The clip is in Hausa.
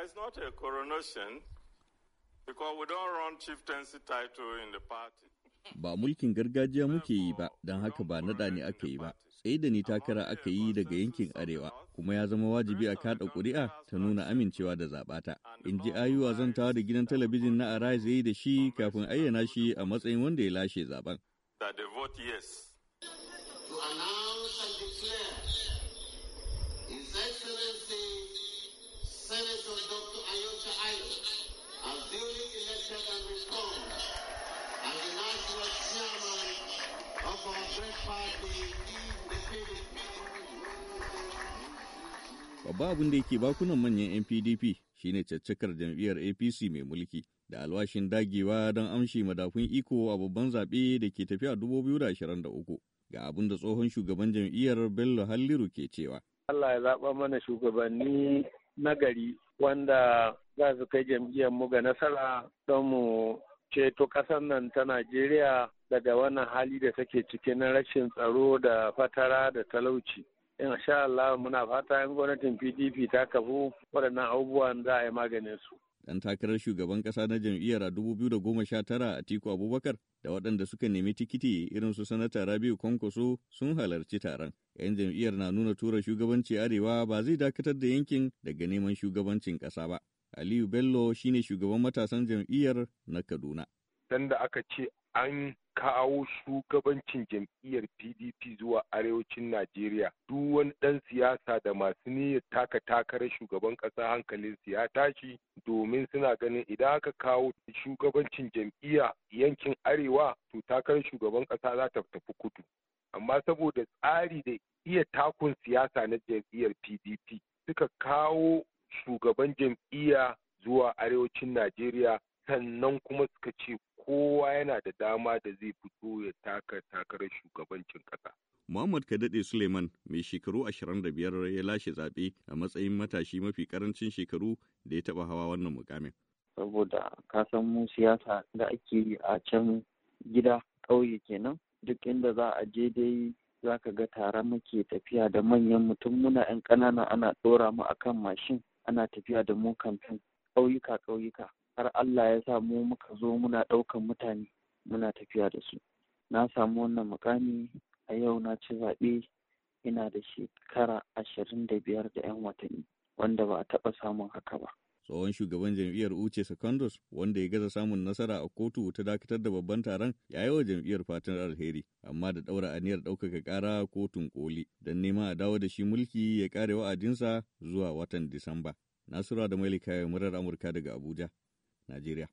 a coronation because we don't run chieftaincy title in party. Ba mulkin gargajiya muke yi ba, don haka ba naɗa ne aka yi ba. Tsaye da ni takara aka yi daga yankin Arewa, kuma ya zama wajibi a kaɗa ƙuri'a ta nuna amincewa da zaɓata. In ji ayuwa zan tawa da gidan talabijin na Arise da shi kafin ayyana shi a matsayin wanda ya lashe zaɓen. yes. To announce and declare His Excellency Babba abin da yake bakunan manyan NPDP PDP shine caccakar jam'iyyar APC mai mulki da alwashin dagewa don amshi madafun iko a babban zaɓe da ke tafiya 2023 ga abin da tsohon shugaban jam'iyyar Bello Halliru ke cewa. Allah ya zaɓa mana shugabanni na wanda za su kai jam'iyyar mu ga nasara don mu ceto kasar nan ta Najeriya daga wannan hali da take ciki na rashin tsaro da fatara da talauci. in sha Allah muna fata yan gwamnatin PDP ta kafu waɗannan abubuwan za a yi maganin su. Dan takarar shugaban kasa na jam'iyyar a 2019 Atiku Abubakar da waɗanda suka nemi tikiti irin su sanata Rabiu Kwankwaso sun halarci taron. 'Yan jam'iyyar na nuna tura shugabanci Arewa ba zai dakatar da yankin daga neman shugabancin ƙasa ba. Aliyu Bello shine shugaban matasan jam'iyyar na Kaduna. Dan aka ce an kawo shugabancin jam'iyyar PDP zuwa arewacin Najeriya duk wani ɗan siyasa da masu niyyar taka takarar shugaban ƙasa hankalinsu ya tashi domin suna ganin idan aka kawo shugabancin jam'iyya yankin arewa to takarar shugaban ƙasa za ta tafi kudu. Amma saboda tsari da iya takun siyasa na jam'iyyar PDP suka kawo shugaban jam'iyya zuwa arewacin Najeriya sannan kuma suka ce kowa yana da dama da zai fito ya taka takarar shugabancin ƙasa. Muhammad Kadade Suleiman mai shekaru 25 ya lashe zaɓe a matsayin matashi mafi ƙarancin shekaru da ya taɓa hawa wannan mukamin. Saboda kasan mu siyasa da ake yi a can gida ƙauye kenan duk inda za a je dai za ka ga tare muke tafiya da manyan mutum muna 'yan ƙanana ana ɗora mu akan mashin ana tafiya da mu kamfen ƙauyuka ƙauyuka har Allah ya sa mu muka zo muna ɗaukan mutane muna tafiya da su na samu wannan mukami a yau na ci zaɓe ina da shekara ashirin da biyar da 'yan watanni wanda ba a taɓa samun haka ba tsohon shugaban jam'iyyar uce secondos wanda ya gaza samun nasara a kotu ta dakatar da babban taron ya yi wa jam'iyyar fatan alheri amma da daura aniyar ɗaukaka ƙara kotun koli don neman a dawo da shi mulki ya kare wa'adinsa zuwa watan disamba nasura da mailika murar amurka daga abuja najeriya